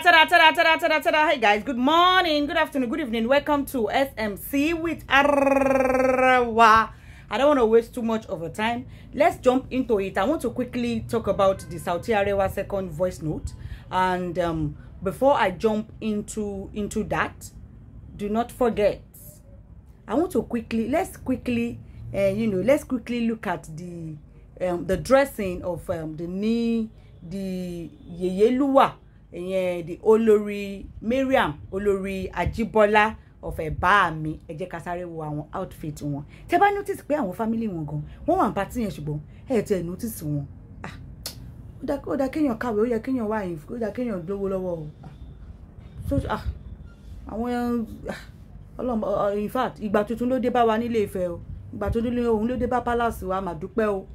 Hey guys, good morning, good afternoon, good evening. Welcome to SMC with Arwa. I don't want to waste too much of your time. Let's jump into it. I want to quickly talk about the Saudi Arewa second voice note. And um, before I jump into into that, do not forget. I want to quickly let's quickly uh, you know let's quickly look at the um, the dressing of um, the knee the Yeyeluwa ìyẹn the olórí Miriam, olórí Ajibola of Ẹ̀bá mi ẹ jẹ́ ká sáré wo àwọn outfit wọn tẹ́ bá notice pé àwọn family wọn gan wọ́n wà bá tíyẹn ṣùgbọ́n ẹ̀ tẹ́ notice wọn ah, ó dá ó dá kéèyàn kàwé ó yẹ kéèyàn wá yìí ó dá kéèyàn lówó lọ́wọ́ o ah, so ah, àwọn ọlọmọ in fact ìgbà tuntun ló dé bá wa nílé Ifẹ̀ o ìgbà tuntun ló dé bá palace wa mà dúpẹ́ o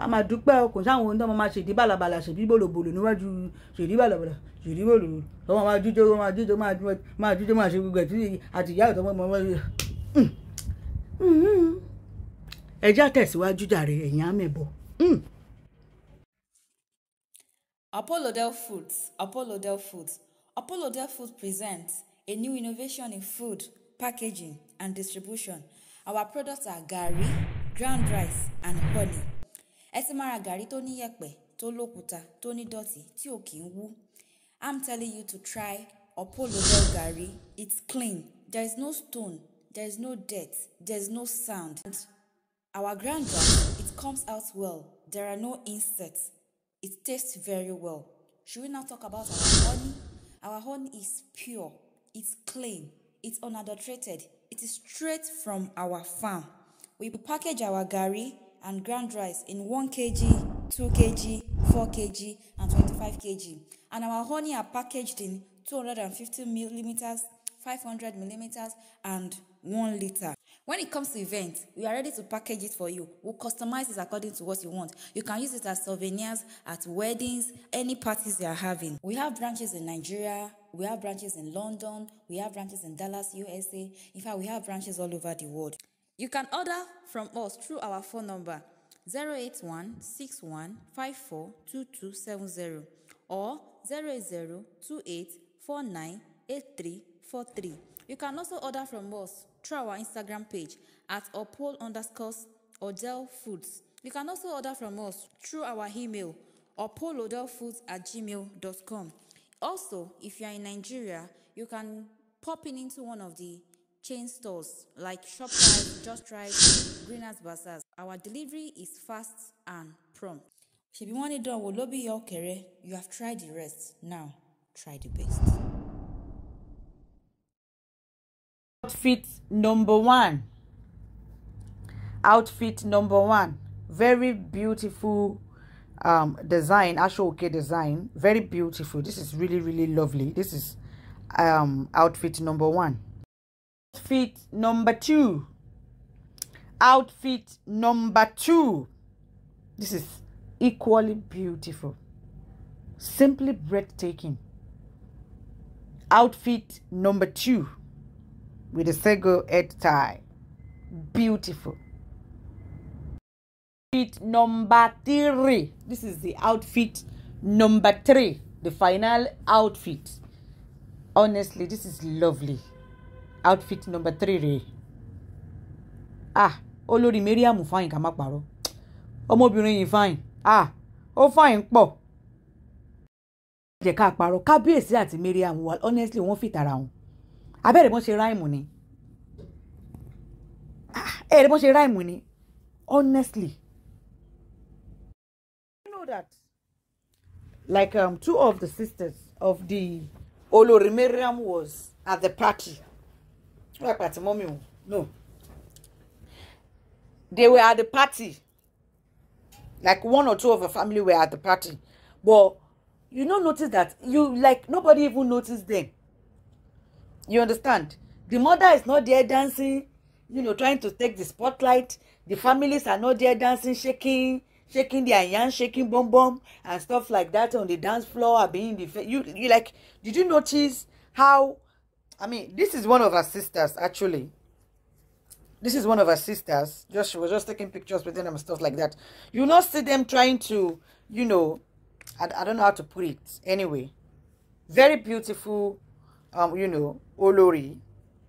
a máa dúpẹ́ o kò sáwọn ohun tó máa ṣèdí bàlàbàlà ṣèdí bòlòbòlò níwájú ṣèdí bàlàbàlà ṣèdí bòlòbòlò tó máa jíjó máa jíjó máa jíjó máa ṣe gbogbo ẹ̀ tí àtìyá ẹ̀ tó ẹja tẹ̀síwájú jàre ẹ̀yìn àmẹ̀bọ̀. Mm. Apolodel Foods Apolodel Foods Apolodel Foods presents a new innovation in food packaging and distribution. Our products are garri, ground rice, and honey ẹ ti máa gàrí tó ní yẹ̀pẹ̀ tó lókúta tó ní dọ̀tí tí ò kí ń wú i'm telling you to try opolodel gàrí it's clean there is no stone there is no dirt there is no sound and our ground gàrí it comes out well there are no insects it tastes very well should we now talk about our honey our honey is pure it's clean it's unadulterated it is straight from our farm we package our gàrí and ground rice in 1 kg, 2 kg, 4 kg, and 25 kg. And our honey are packaged in 250 millimeters, 500 millimeters, and 1 liter. When it comes to events, we are ready to package it for you. We'll customize it according to what you want. You can use it as souvenirs, at weddings, any parties you are having. We have branches in Nigeria, we have branches in London, we have branches in Dallas, USA. In fact, we have branches all over the world. You can order from us through our phone number 081 61 2270 or 08028 You can also order from us through our Instagram page at opol underscores odell foods. You can also order from us through our email opolodellfoods at gmail.com. Also, if you are in Nigeria, you can pop in into one of the chain stores like ShopRite, Just Right, Greeners Bazaars. Our delivery is fast and prompt. Ṣebí wọ́n ní dánwò ló bí yọ You have tried the rest. Now, try the best. Outfit number one. Outfit number one. Very beautiful um, design, actual design. Very beautiful. This is really, really lovely. This is um, outfit number one outfit number two outfit number two this is equally beautiful simply breathtaking outfit number two with a single head tie beautiful outfit number three this is the outfit number three the final outfit honestly this is lovely outfit number three rèé ah olórí mariam fine ká má parọ́ ọmọbìnrin yìí fine ah ó fine pọ̀ jẹ́ ká parọ́ kábíyèsí àti mariam wà honestly wọ́n fìtara wọn abẹ́rẹ́ bọ́n ṣe ráìmù ni ah, ẹ̀rẹ́ bọ́n ṣe ráìmù ni honestly. you know that like um, two of the sisters of the olori mariam was at the party wọ́n pàtí mọ́mì o no they were at the party like one or two of the family were at the party but you don't notice that you like nobody even notice them you understand the mother is not there dancing you know trying to take the spotlight the families are not there dancing shaking shaking their hands, shaking bum bum and stuff like that on the dance floor being the you you like did you notice how I mean, this is one of her sisters, actually. This is one of her sisters. Just she was just taking pictures with them and stuff like that. You not see them trying to, you know, I, I don't know how to put it. Anyway, very beautiful, um, you know, Olori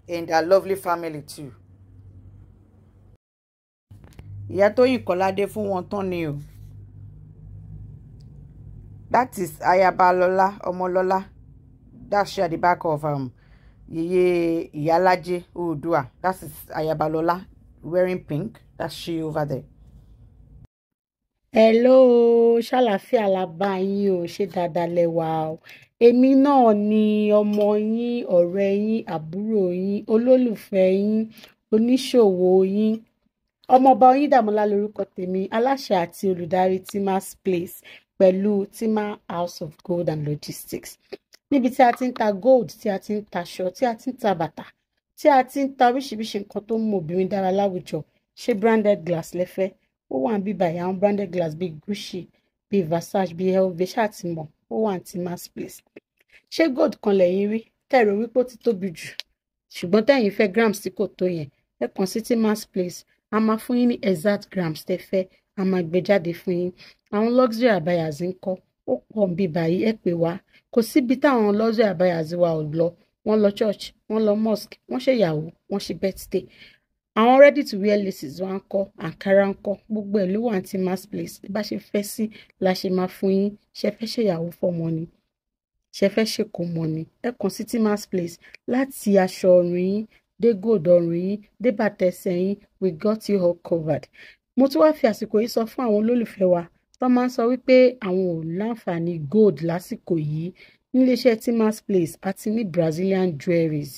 and a lovely family too. ìyá Tóyìn fún wọn o that is Ayaba Lọ́lá Ọmọlọ́lá that's at the back of um, Yeye Iyalaje Oodua. That is Ayabalola wearing pink. That's she over there. Hello, ṣàlàfíà la bá yín o, ṣé dáadáa lẹ o. Èmi náà ni ọmọ yín, ọ̀rẹ́ yín, àbúrò yín, olólùfẹ́ yín, oníṣòwò yín. Ọmọọba Oyíndàmọ́lá lórúkọ tèmi, aláṣẹ àti olùdarí Timas Place pẹ̀lú timas House of Gold and Logistics níbi tí a ti ń ta gold tí a ti ń taṣọ tí a ti ń ta bàtà tí a ti ń ta oríṣiríṣi nǹkan tó ń mú obìnrin dára láwùjọ ṣé branded glass lẹ́fẹ́ ó wà ń bí báyìí àwọn branded glass bíi Gucci bíi Versace bíi LV ṣáàtì mọ̀ ó wà ní ti mass place ṣé gold kan lẹ́yìn rí tẹ̀rọ wípé ó ti tóbi jù ṣùgbọ́n tẹ̀yìn fẹ́ grams tí kò tó yẹn ẹ kàn sí ti mass place a máa fún yín ní exact grams tẹ́ fẹ́ a máa gbé jáde fún yín àwọn luxury àbáyàzí ń kọ́ ó pọ̀ bí báyìí ẹ pè wá kò síbi táwọn lọ́sẹ̀ àbáyàzí wa ò lọ wọ́n lọ church wọ́n lọ mosque wọ́n ṣèyàwó wọ́n ṣe birthday àwọn ready to wear laces wa ń kọ àǹkárá ń kọ gbogbo ẹ̀ ló wà ní mass place bá ṣe fẹ́ sí la ṣe máa fún yín ṣe fẹ́ ṣèyàwó fọmọ ni ṣe fẹ́ ṣèkó mọ ni ẹ kàn sí mass place láti aṣọ ọrùn yín dé gold ọrùn yín dé bàtẹsẹ̀ yín we got you all covered mo tún wáá fi àsìkò yìí sọ fún àwọn olólùfẹ́ wa tó máa ń sọ wípé àwọn ò láǹfààní gold lásìkò yìí níléeṣẹ́ timas place àti ní brazilian jewelries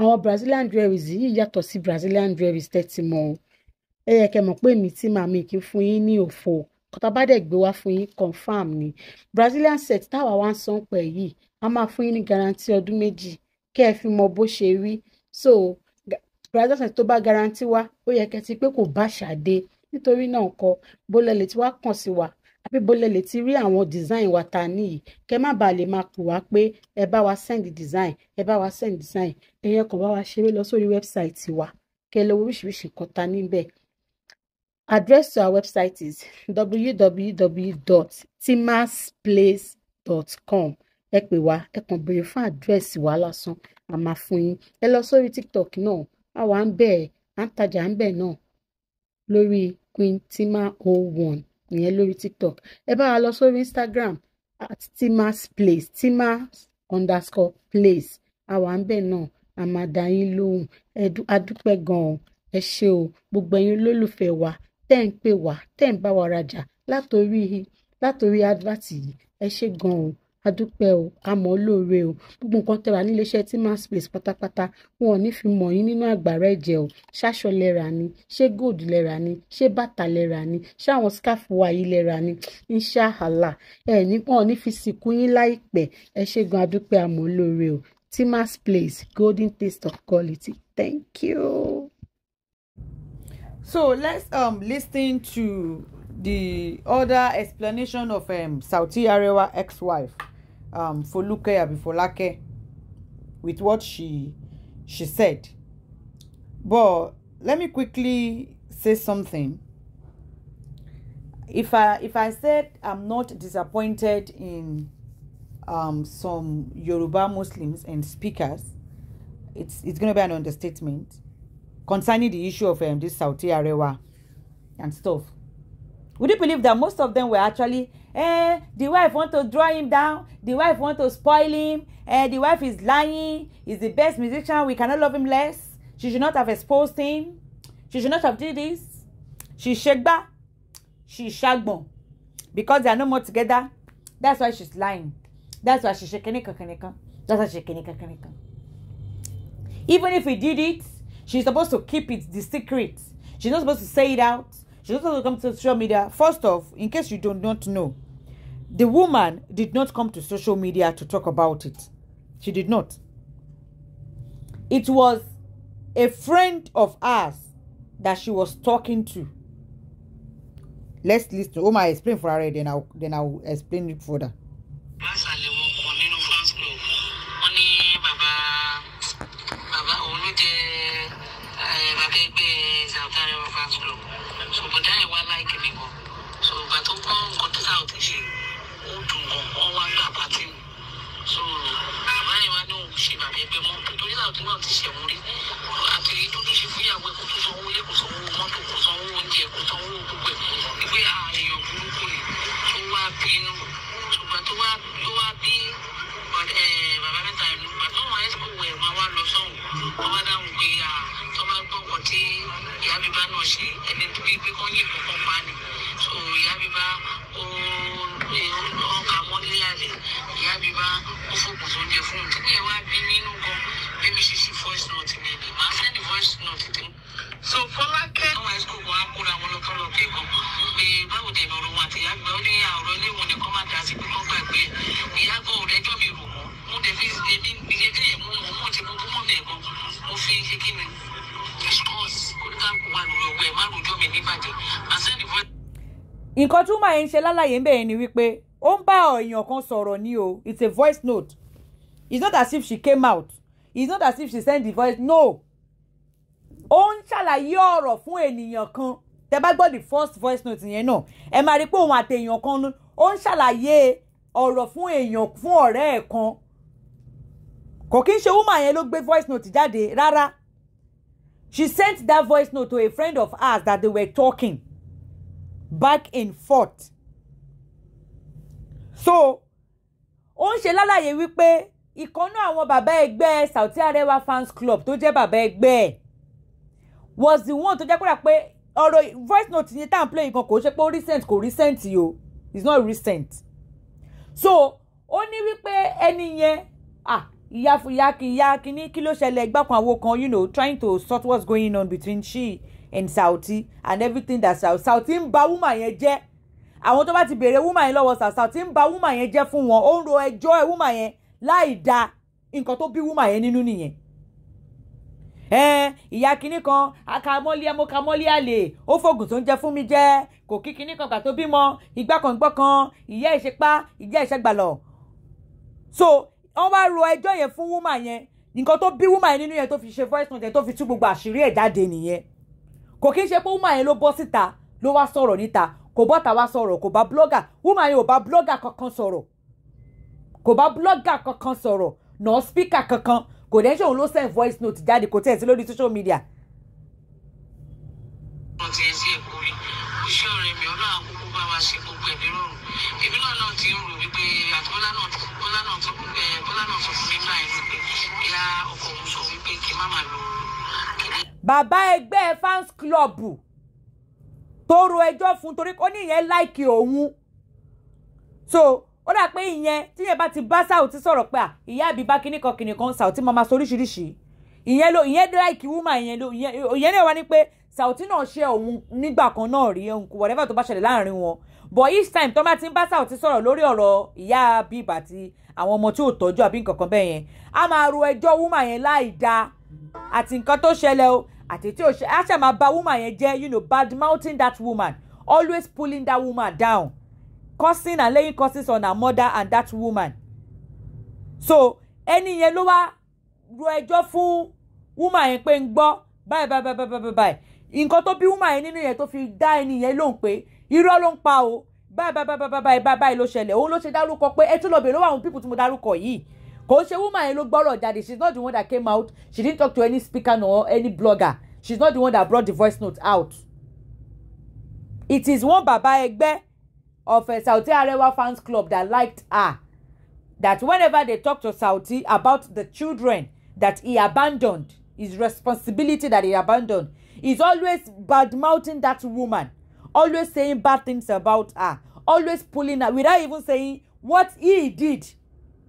àwọn brazilian jewelries yìí yàtọ̀ sí brazilian jewelries tẹ́tí mọ́ o ẹ yẹ kẹ́ mọ̀ pé mi tí màmí kì í fún yín ní òfò kọta bá dẹ̀ gbé wá fún yín confam ni brazilian set táwa wá ń san pẹ̀ yìí a máa fún yín ní garanti ọdún méjì kẹ́ ẹ fi mọ bó ṣe rí so brazilian set tó bá garanti wá ó yẹ kẹ́ ti pé kò bá ṣàdé nítorí náà ńkọ́ bólẹ̀ lè ti wá kàn sí wa àbí bólẹ̀ lè ti rí àwọn design wa ta níyì kẹ́ má bàa lè máa pè wá pé ẹ bá wa send design ẹ bá wa send design ẹ̀yẹn kàn bá wa ṣeré lọ sórí wẹ́bsáìtì wa kẹ́ lọ oríṣiríṣi nǹkan ta níbẹ̀. Address to our website is www.timasplace.com. Ẹ pè wá, ẹ kàn béèrè fún àdírẹ́sì wa lásán, a máa fún yín. Ẹ lọ sórí TikTok náà, a wà ń bẹ̀, à ń tajà ń bẹ̀ náà lórí queen tima o one ìyẹn lórí tiktok ẹ bá wa lọ sórí instagram at timas place timas underscore place àwa ń bẹ̀ náà a máa dá yín lóhùn adúpẹ́ gan-an ẹ ṣé o gbogbo ẹ̀yin olólùfẹ́ wa tẹ́ ń pè wá tẹ́ ń bá wa rajà látòrí látòrí advert yìí ẹ ṣé gan-an adúpẹ́ o àmọ́ lóore o gbogbo nǹkan tẹ́ra níléeṣẹ́ tí mass place pátápátá wọn ò ní fi mọ̀ yín nínú àgbàrá ẹ̀jẹ̀ o ṣáṣọ lẹ́ra ni ṣé gold lẹ́ra ni ṣé bàtà lẹ́ra ni ṣáwọn scarf wa yìí lẹ́ra ni inṣàhàlà ẹ̀ ní wọn ò ní fi sìnkú yín láìpẹ́ ẹ ṣé gan adúpẹ́ àmọ́ lóore o timas place golden taste of quality thank you. so let's um, listen to the other explanation of um, Saudi Arewa ex-wife. um, Foluke Abifolake with what she she said. But let me quickly say something. If I if I said I'm not disappointed in um, some Yoruba Muslims and speakers, it's it's going to be an understatement concerning the issue of um, this Saudi Arewa and stuff. Would you believe that most of them were actually, eh, the wife want to draw him down, the wife want to spoil him, eh, the wife is lying, he's the best musician, we cannot love him less, she should not have exposed him, she should not have did this, she shagba, she shagbon, because they are no more together, that's why she's lying, that's why she's shaking that's why she's shaking Even if he did it, she's supposed to keep it the secret, she's not supposed to say it out, she also come to social media. First off, in case you do not know, the woman did not come to social media to talk about it. She did not. It was a friend of ours that she was talking to. Let's listen. Oh, my explain for her, then I'll then I'll explain it further. wọn dáhùn pé tó gbọ́ ọkọ̀ tí ìyá bíbá náà ṣe ẹni tó pé kọ́ yìnbọn kan pa ni so ìyá bíbá ó ọkà mọ́lé àlè ìyá bíbá ó fòkùn tó jẹ fún un tí kìí wá bí nínú gan bí mi ṣe ṣe voice note nìyẹn máa send voice note tí. so fọlá mi níbàjẹ́ àṣẹ́ni fún. nǹkan tó máa ń ṣe lálàyé ń bẹ̀rẹ̀ ni wípé ó ń bá èèyàn kan sọ̀rọ̀ ni o it's a voice note it's not as if she came out it's not as if she sent the voice no ó ń ṣàlàyé ọ̀rọ̀ fún ènìyàn kan tẹ bá gbọ́ the first voice note yẹn náà ẹ máa rí i pé òun àtẹ̀yàn kan ó ń ṣàlàyé ọ̀rọ̀ fún èèyàn fún ọ̀rẹ́ ẹ̀ kan kò kí ń ṣe woman yẹn ló gbé voice note jáde rárá She sent that voice note to a friend of ours that they were talking back and forth. So, ó ń ṣe lálàyé wípé ìkànnà àwọn bàbá ẹgbẹ́ sauti Arewa fans club tó jẹ́ bàbá ẹgbẹ́ ẹ̀ was the one tó jẹ́ kódà pé ọ̀rọ̀ voice note yẹn tá à ń play nǹkan kò ṣe pé ó recent kò recent o it's not recent. So, ó ní wípé ẹni yẹn ah ìyá ìyá ìyá kínní kí ló ṣẹlẹ̀ gbàkan àwo kan you know trying to sort what's going on between she and Saoty and everything that Saoty Saoty ń ba woman yẹn jẹ́ àwọn tó bá ti béèrè woman yẹn lọ́wọ́ Saoty ń ba woman yẹn jẹ́ fún wọn ó ń ro ẹjọ́ ẹ woman yẹn láì da nǹkan tó bí woman yẹn nínú nìyẹn ìyá kinní kan akamọ́lé mo kamọ́lé àlè ó fògùn tó ń jẹ fún mi jẹ kò kí kinní kan gbà tó bímọ ìgbà ìyá ìṣepá ìyá ìṣẹ́gbàlọ̀ so wọ́n wá ro ẹjọ́ yẹn fún woman yẹn nǹkan tó bí woman yẹn nínú yẹn tó fi ṣe voice note yẹn tó fi tú gbogbo àṣírí ẹ̀ jáde nìyẹn kò kí n ṣe pé woman yẹn ló bọ́ síta ló wá sọ̀rọ̀ níta kò bọ́ta wá sọ̀rọ̀ kò bá blogger woman yẹn ò bá blogger kankan sọ̀rọ̀ kò bá blogger kankan sọ̀rọ̀ nà speaker kankan kò dẹ́ ṣe òun ló send voice note jáde kò tẹ̀ sí lórí social media. mo ti ẹ sí èkó rí iṣẹ́ ọ̀rẹ́ mi ọlọ́run àkókò bá wa ṣe gbogbo ẹ̀mí rọrùn èmi náà náà ti ń rò wípé àtúbọ́lá náà bọ́lá náà tó bọ́lá náà sọ fún mi náà ẹ̀sìn pé ìyá ọkọ òun sọ wípé kí má máa lò bàbá ẹgbẹ́ fans club tó ro ẹjọ́ fún torí ó ní ìyẹn láìkì òun so ó dà pé ìyẹn tíyẹn bá ti bá Saoty sọ̀rọ̀ pé à ìyá àbíbá kìnnìkan kìnnìkan Saoty máa ma sọ oríṣiríṣi ìyẹn ló ìyẹn láìkì wúmà ìyẹn ló ìyẹn náà wá ní pé Saoty náà ṣe òun nígbà kan náà rí ohun whatever tó bá ṣẹlẹ̀ láàrin wọn but each time tó bá ti ń bá Saoty sọ̀rọ̀ lórí ọ̀rọ̀ ìyá bíb àti àwọn ọmọ tí ò tọ́jú àbí nǹkan kan bẹ́ẹ̀ yẹn a máa ro ẹjọ́ wúmà yẹn láì dáa àti nǹkan tó ṣẹlẹ̀ o àti tí ò ṣe á ṣe máa bà wúmà yẹn jẹ́ you know bad mouthing that woman always pulling that woman down cursing and laying curses on her mother and that woman so ẹni yẹn ló wá ro ẹjọ́ fún wúmà yẹn pé ń gbọ́ báyìí báyìí báyìí báyìí nǹkan tó bí wúmà yẹn nínú yẹn tó fi dá ẹni yẹn lóhùn pé irọ́ ló ń pa o báyìí báyìí báyìí báyìí báyìí ló ṣẹlẹ̀ òun ló ṣe dárúkọ pé ẹ tún lọ bèrè lọ́wọ́ àwọn pípù tí mo dárúkọ yìí kò ṣe woman yẹn ló gbọ́rọ̀ jáde she is not the one that came out she didn't talk to any speaker nor any blogger she is not the one that brought the voice note out it is one baba ẹgbẹ́ of uh, eh, Saoty Arewa fans club that liked her that whenever they talk to Saoty about the children that he abandoned his responsibility that he abandoned he is always bad mouthing that woman always saying bad things about her always pulling her without even saying what he did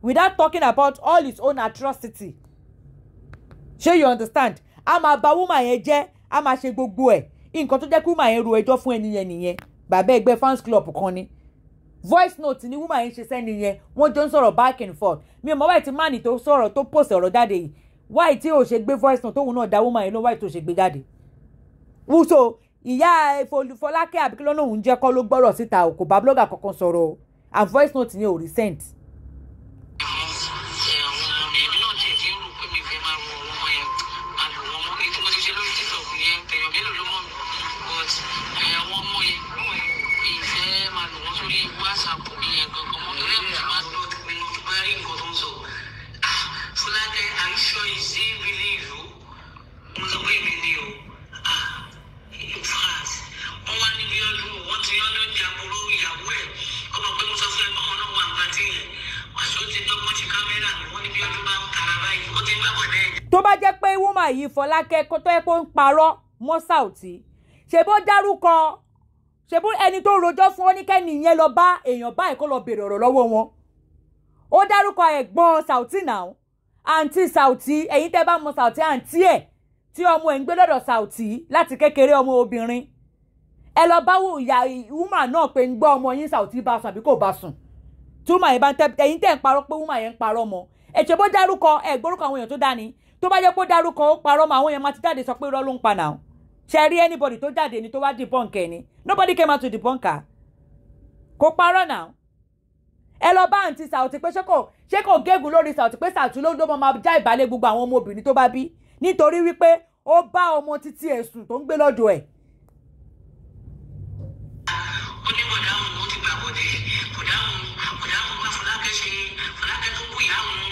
without talking about all his own atrocity ṣé you understand a máa bà woman yẹn jẹ́ a máa ṣe gbogbo ẹ̀ nǹkan tó jẹ́ kí woman yẹn ro ẹjọ́ fún ẹni yẹn nìyẹn bàbá ẹgbẹ́ fans club kan ni voice note ni woman yẹn ṣe sẹ́ni yẹn wọ́n jọ ń sọ̀rọ̀ back and forth mi ò mọ wáyé tí mánì tó sọ̀rọ̀ tó post ọ̀rọ̀ jáde yìí wáyé tí ò ṣe gbé voice note tóun náà da woman yẹn ló wáyé tó ṣe gbé jáde. wúso ìyá Fọlákẹ́ àbíkí lọ́nà òun jẹ́ kọ́ ló gbọ́rọ̀ síta o kò bá blogger kankan sọ̀rọ̀ o and voice note yẹn ò recent yìí Fọlákẹ́ tó yẹ kó ń parọ́ mọ́ Saoty ṣèbó dárúkọ ṣèbó ẹni tó rojọ́ fún oníkẹ́ni yẹn lọ bá èèyàn báyìí kó lọ bèrè ọ̀rọ̀ lọ́wọ́ wọn ó dárúkọ ẹ̀gbọ́n Saoty náà àǹtí Saoty ẹ̀yin tẹ́ bá mọ Saoty àǹtí ẹ̀ tí ọmọ ẹ̀ ń gbé lọ́dọ̀ Saoty láti kékeré ọmọ obìnrin ẹ lọ bá ìyá wúmà náà pé ń gbọ́ ọmọ yín Saoty bá sùn àbí kò bá sùn tí wúmà yẹn bá ń tẹ ẹ̀yin tẹ́ ń parọ́ pé wúmà yẹn ń parọ́ mọ́ ẹ̀ṣẹ̀ bó dárúkọ ẹ̀ gbórúkọ àwọn èèyàn tó dání tó bá jẹ́ pé ó dárúkọ ó parọ́ mọ́ àwọn yẹn máa ti jáde sọ pé irọ́ ló ń pa náà ṣe rí anybody tó jáde ni tó wá debunk ẹ nobody came out to debunk her kò parọ́ náà ẹ lọ bá àǹtí Saoty pé ṣé kò ṣé kò gégùn lórí Saoty pé Saoty ló ló máa já ìbálẹ̀ gbogbo àwọn ọmọ tó bá bí nítorí wípé ó bá ọmọ títí ẹ̀sùn tó ń gbé lọ́dọ̀ ẹ̀. ṣe fúlákẹ́ tó kú ìyá òun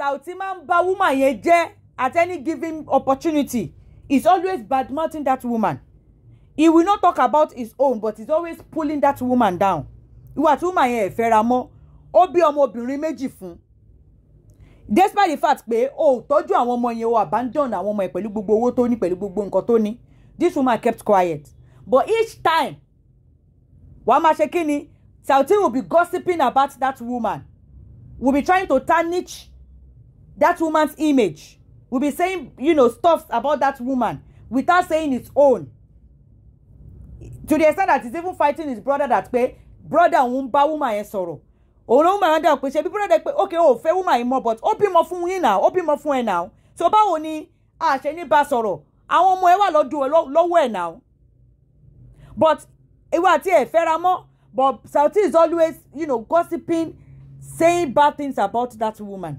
Saoty máa ń ba woman yẹn jẹ́ at any given opportunity is always badmouthing that woman he will not talk about his own but he's always pulling that woman down ìwà tí woman yẹn ẹ̀ fẹ́ra mọ́ ó bí ọmọbìnrin méjì fún despite the fact pé o ò tọ́jú àwọn ọmọ yẹn o abandon àwọn ọmọ yẹn pẹ̀lú gbogbo owó tó ní pẹ̀lú gbogbo nǹkan tó ní this woman kept quiet but each time wàá máa ṣe kí ni Saoty will be gossiping about that woman will be trying to tarnish that woman's image will be saying you know stuff about that woman without saying his own to the extent that he's even fighting his brother that pé brother won't bá woman yẹn sọ̀rọ̀ òun ló woman dà pé ṣe bí brother okay oh fair woman more, mọ́ but ó bímọ fún yín náà ó bímọ fún ẹ náà so báwo ni a ṣe ní bá sọ̀rọ̀ àwọn do a lot lot ẹ now? but it was here fẹ́ra more. but Sauty is always you know, gossiping saying bad things about that woman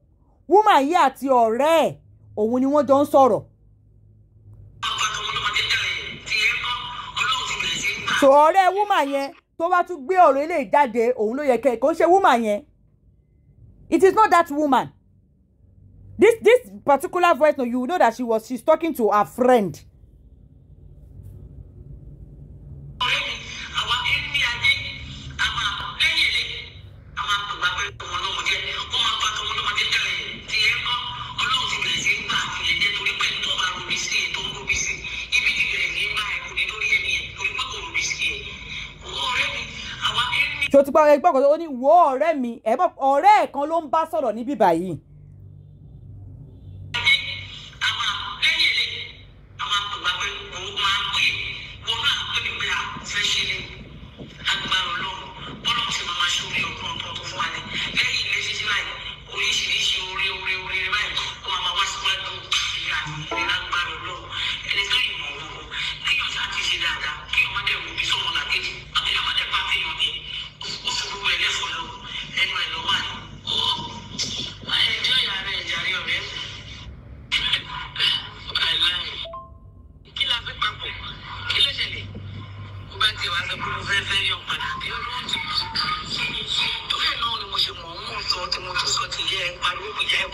woman yìí àti ọ̀rẹ́ ẹ̀ òun ni wọ́n jọ ń sọ̀rọ̀. so ọ̀rẹ́ woman yẹn tó bá tún gbé ọ̀rọ̀ eléyìí jáde òun ló yẹ kẹ́ kó ṣe woman yẹn it is not that woman this this particular voice no you know that she was she's talking to her friend. gbọ́ ẹ gbọ́ kó tó ó ní wo ọ̀rẹ́ mi ọ̀rẹ́ ẹ̀ kan ló ń bá sọ̀rọ̀ níbí báyìí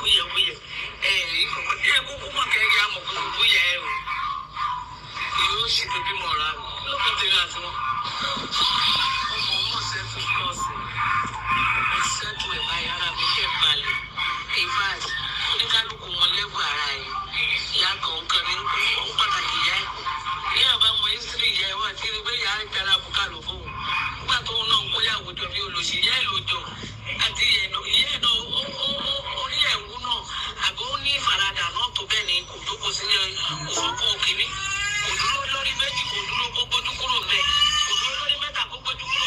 ia, eu ia.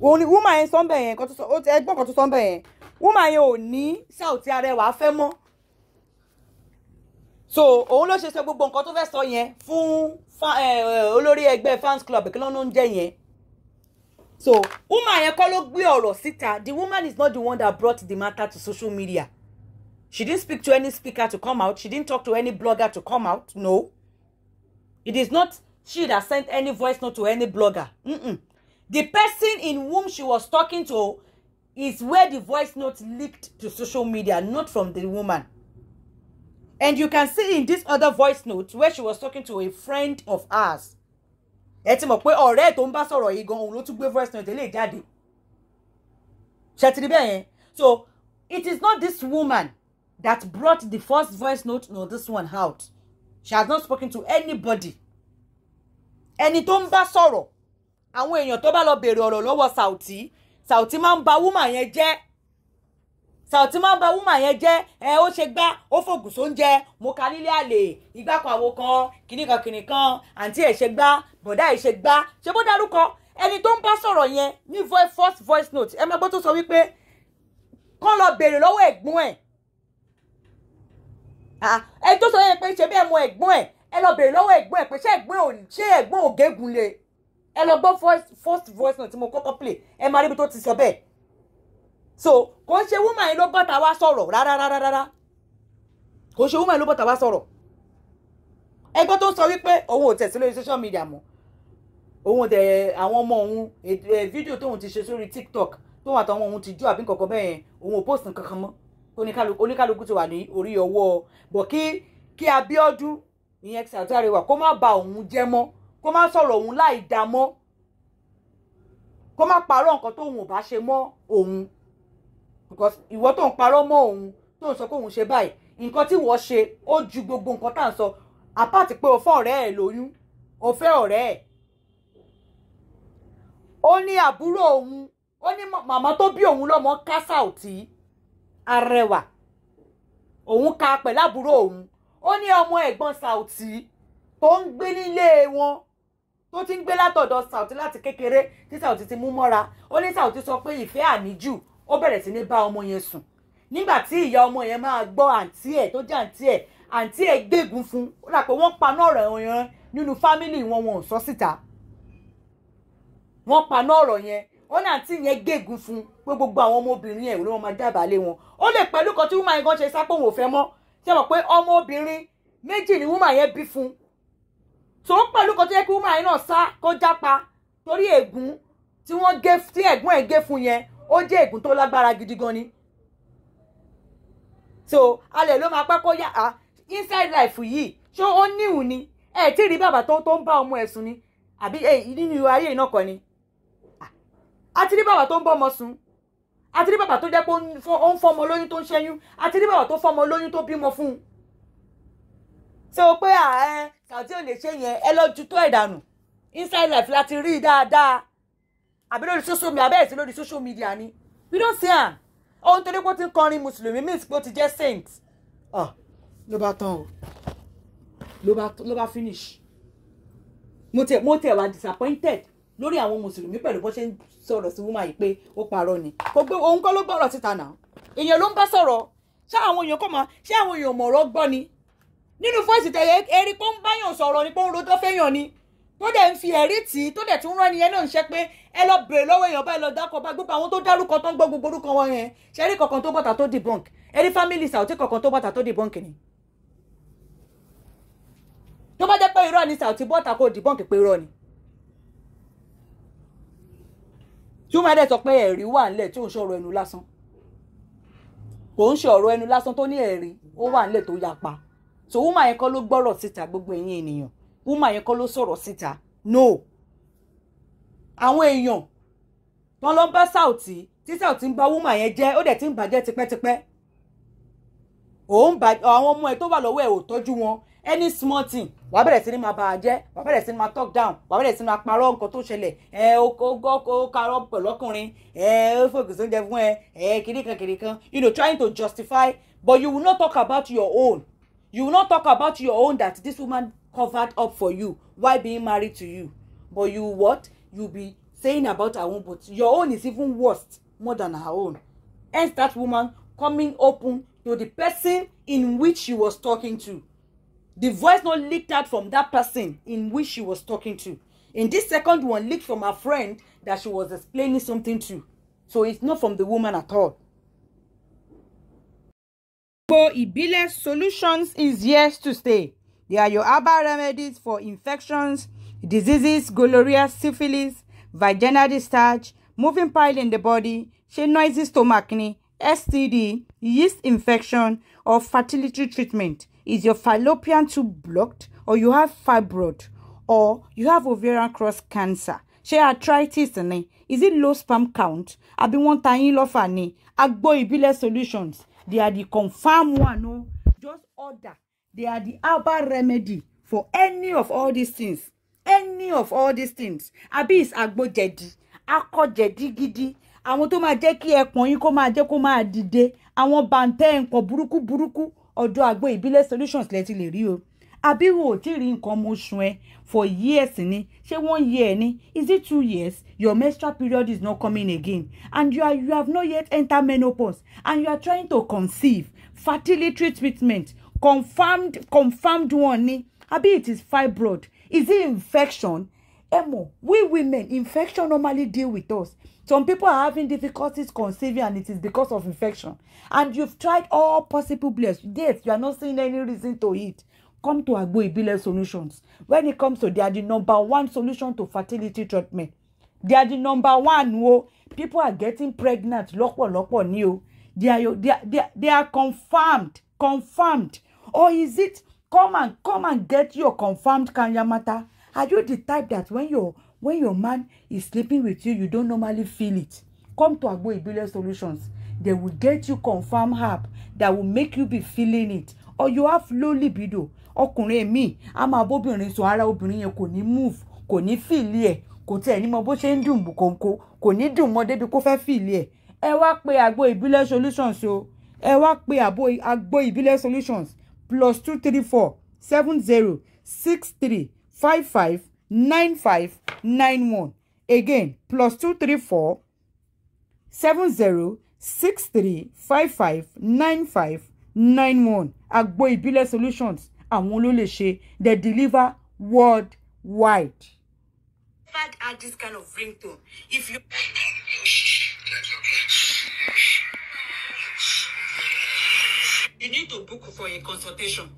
òun ni wúmà yẹn sọ́nbẹ̀ yẹn ẹgbọ́n kan tó sọ́nbẹ̀ yẹn wúmà yẹn ò ní Saoty Arẹwà fẹ́ mọ́ so òun ló ṣe ṣe gbogbo nǹkan tó fẹ́ sọ yẹn fún olórí ẹgbẹ́ fans club kí ló ń jẹ yẹn so woman yẹn kọ́ ló gbé ọ̀rọ̀ síta the woman is not the one that brought the matter to social media she didn't speak to any speaker to come out she didn't talk to any blogger to come out no it is not she that sent any voice note to any blogger. Mm-mm. The person in whom she was talking to is where the voice note leaked to social media, not from the woman. And you can see in this other voice note where she was talking to a friend of ours. Ẹ ti mọ̀ pé ọ̀rẹ́ tó ń bá sọ̀rọ̀ gan-an ló tún voice note lè jáde. Ṣé ti rí bẹ́ẹ̀ So it is not this woman that brought the first voice note nor this one out. She has not spoken to anybody ẹni tó ń bá sọ̀rọ̀ àwọn èèyàn tó bá lọ béèrè ọ̀rọ̀ lọ́wọ́ Saoty Saoty máa ń ba wúmà yẹn jẹ́ Saoty máa ń ba wúmà yẹn jẹ́ ẹ ó ṣe gbá ó fògùn sóúnjẹ mo ka nílé àlè ìgbàkan àwo kan kìnnìkan kìnnìkan àǹtí ẹ̀ ṣe gbá bọ̀dá ẹ̀ ṣe gbá ṣe bó dárúkọ ẹni tó ń bá sọ̀rọ̀ yẹn ní first voice note ẹ máa gbọ́ tó sọ wípé kán lọ béèrè lọ́wọ́ ẹ̀gbọ́n ẹ̀ ẹni tó sọ yẹn pé ṣe bẹ́ẹ̀ mọ ẹ̀gbọ́n ẹ̀ ẹ lọ bèrè lọ́wọ́ ẹ̀gbọ́n ẹ̀ pé ṣé ẹ̀gbọ́n ò ṣé ẹ̀gbọ́n ò gégùn le ẹ lọ gbọ́ first voice note tí mo kọ́kọ́ play ẹ máa ríbi tó ti sọ bẹ́ẹ̀ so kò ń ṣe woman yìí ló bọ́ta wá sọ̀rọ̀ rárá rárá rárá kò ń ṣe woman yìí ló bọ́ta wá sọ̀rọ̀ ẹgbẹ́ tó ń sọ wípé òun ò tẹ̀sí lórí social media mọ́ òun dẹ̀ àwọn ọmọ òun fídíò eh, tóun ti ṣe sórí TikTok tóun àtàwọn òun ti jó àbí nǹkan kan bẹ́ẹ̀ yẹn òun ò post nǹkan kan mọ́ oníkálukú ti wà ní orí ọwọ́ bọ̀ kí kí Abíọ́dún ìyẹn ẹ̀sìn àti àrẹwà kó má ba òun jẹ́ mọ́ kó má sọ̀rọ̀ òun láì dá mọ́ kó má parọ́ nǹkan tóun ò bá ṣe mọ́ òun because ìwọ tó ń parọ́ mọ́ òun tó ń sọ pé òun ṣe báyìí nǹkan tí wọ́n ṣe ó ju gbogbo nǹkan tá à ń sọ apart pé o fẹ́ ọ̀rẹ́ ẹ̀ lóyún o fẹ́ ọ̀rẹ́ ẹ̀ ó ní àbúrò òun ó ní màmá tó bí òun lọ́mọ kásá arẹwà òun ka pẹ̀lú àbúrò òun ó ní ọmọ ẹ̀gbọ́n Saoty tó ń gbé nílé wọn tó ti ń gbé látọ̀dọ̀ Saoty láti kékeré tí Saoty ti mú mọ́ra ó ní Saoty sọ pé ìfẹ́ àníjù ó bẹ̀rẹ̀ sí ní bá ọmọ yẹn sùn nígbà tí ìyá ọmọ yẹn máa gbọ́ àǹtí ẹ̀ tó jẹ́ àǹtí ẹ̀ àǹtí ẹ̀ gbégun fún ó dà pé wọ́n paná ọ̀rọ̀ yẹn nínú fámìlì wọn wọn ò sọ síta wọ́n paná ọ̀rọ̀ yẹn ó ní àǹtí yẹn gégùn fún pé gbogbo àwọn ọmọbìnrin ẹ̀ ló wọn máa dábàá lé wọn ó lè pẹ̀lú kan tí wọ́n máa ń gan ṣe sápò wò fẹ́ mọ́ ṣe mọ̀ pé ọmọ obìnrin méjì ni wúmà yẹn bí fún tó ń pẹ̀lú kan tó yẹ kí wúmà yẹn náà sá kó jápa torí ègún tí wọ́n gé tí ẹ̀gbọ́n ẹ̀ gé fún yẹn ó jẹ́ ègún tó lágbára gidi gan ni so alẹ̀ ló máa pẹ́ kó yá a inside life yìí ṣé ó níhùn ni ẹ tí ì rí bàbá tó tó ń bá ọmọ ẹ̀ sùn ni àbí nínú ayé náà kọ́ ni àti rí bàbá tó ń bọ́ ọmọ sùn a ti rí bàbá tó jẹ́ pé ó ń fọmọ lóyún tó ń ṣẹ́yún a ti rí bàbá tó fọmọ lóyún tó bímọ fún un ṣé o pé ààrẹ Saoty ò lè ṣe yẹn ẹ lọ ju tó ẹ̀dànù inside life láti rí i dáadáa àbí lórí social media abẹ́ẹ̀ sí lórí social media ni we don see am ohun tó ní pé ó ti ń kọrin mùsùlùmí means pé ó ti jẹ́ saint ló bá tán o ló bá finish mo tẹ̀ mo tẹ̀ wá disappointed lórí àwọn mùsùlùmí pẹ̀lú bó ṣe ń sọ̀rọ̀ sí woman yìí pé ó parọ́ ni kò gbé òun kọ́ ló gbọ́rọ̀ síta náà èèyàn ló ń bá sọ̀rọ̀ ṣé àwọn èèyàn kọ́ mọ ṣé àwọn èèyàn mọ̀rọ̀ gbọ́ ni nínú fọ́ọ̀sì tẹ̀yẹ erí pé ó ń báyàn sọ̀rọ̀ ni pé ó ń rojọ́ fẹ́yàn ni tó dẹ̀ ń fi ẹ̀rí tì í tó dẹ̀ tún rán niyẹn náà ń ṣe pé ẹ lọ bèrè lọ́wọ́ èèyàn báyìí lọ dákọ̀ bá gbogbo àwọn tó dárúkọ tó ń gbọ́ gbogbo orúkọ wọn yẹn ṣe rí kọ̀ọ̀kan tó bọ̀tà tó debunk ẹ rí family Saoty kọ̀ọ̀kan tó bọ̀tà tó debunk ni. tó bá jẹ́ pé irọ́ ni Saoty bọ̀tà kó debunk pé irọ́ ni tí ó máa dẹ̀ sọ pé ẹ̀rí wà ńlẹ̀ tí ò ń sọ̀rọ̀ ẹnu lásán kò ń sọ̀rọ̀ ẹnu lásán tó ní ẹ̀rí ó wà ńlẹ̀ tó yapa so wúmà yẹn kọ́ ló gbọ́rọ̀ síta gbogbo ẹ̀yin ènìyàn wúmà yẹn kọ́ ló sọ̀rọ̀ síta no àwọn èèyàn tán ló ń bá Saoty tí Saoty ń bà wúmà yẹn jẹ́ ó dẹ̀ ti ń bàjẹ́ tipẹ́tipẹ́ òun bà àwọn ọmọ ẹ̀ tó wà lọ́wọ́ ẹ̀ ò tọ́jú wọn any small thing wàá bẹ̀rẹ̀ sí ni máa bà á jẹ́ wàá bẹ̀rẹ̀ sí ni máa talk down wàá bẹ̀rẹ̀ sí ni máa parọ́ nǹkan to ṣẹlẹ̀ eh, o go ko pẹ̀lú ọkùnrin eh, o fòkùsù oúnjẹ fún eh, ẹ kìnìkan kìnìkan you know trying to justify but you will not talk about your own you will not talk about your own that this woman covered up for you while being married to you but you what you be saying about her own but your own is even worse more than her own hence that woman coming open to the person in which she was talking to the voice not leaked out from that person in which she was talking to in this second one leaked from her friend that she was explaining something to so it's not from the woman at all. Igbo Ibile Solutions is here to stay. They are your herbal remedies for infections, diseases, gonorrhea, syphilis, vaginal discharge, moving pile in the body, ṣé noisy stomach STD, yeast infection, or fertility treatment is your fallopian tube blocked or you have fibroid or you have ovarian cross cancer ṣé arthritis ni is it low sperm count àbí wọ́n ta yín lọ́fà ni agbo ìbílẹ̀ solutions they are the confirm one o oh. just order they are the herbal remedy for any of all these things any of all these things àbí is agbo jẹ̀dí akọ jẹ̀dí gidi àwọn tó máa jẹ́ kí ẹpọ̀n yín kó máa jẹ́ kó máa dìde àwọn bàǹtẹ́ nǹkan burúkú burúkú ọ̀dọ̀ àgbo ìbílẹ̀ solutions lẹ ti lè rí o àbí wo ò tí rí nǹkan ọmọọṣù ẹ for years ni ṣé one year ni is it two years your menstrual period is not coming again and you, are, you have not yet entered menopause and you are trying to conceive fertility treatment confirmed confirmed one ni àbí it is fibroid is it infection ẹ mọ̀ we women infection normally deal with us Some people are having difficulties conceiving and it is because of infection. And you've tried all possible bless. Yes, you are not seeing any reason to it. Come to Agbo Ibile Solutions. When it comes to, they are the number one solution to fertility treatment. They are the number one. Wo. People are getting pregnant. Lọ́pọ̀ lọ́pọ̀ ni o. They are, they are, they are, they are confirmed. Confirmed. Or is it come and come and get your confirmed kanyamata? Are you the type that when your when your man is sleeping with you you don't normally feel it come to agbo ibile solutions they will get you confirm app that will make you be feeling it or you have low libido ọkùnrin mi a máa bóbìnrin sùn ara obìnrin yẹn kò ní move kò ní fìlì ẹ kò tẹ̀ ní mọ bó ṣe ń dùn bùkọ̀ǹkọ̀ kò ní dùn mọ́ débi kó fẹ́ fìlì ẹ ẹ wá pe agbo ìbílẹ̀ solutions o ẹ wá pe agbo ìbílẹ̀ solutions plus two three four seven zero six three five five nine five nine one again plus two three four seven zero six three five five nine five nine one agbo ìbílẹ̀ solutions àwọn ló lè ṣe they deliver worldwide. I've had this kind of ringtone if you. you need to book for a consultation.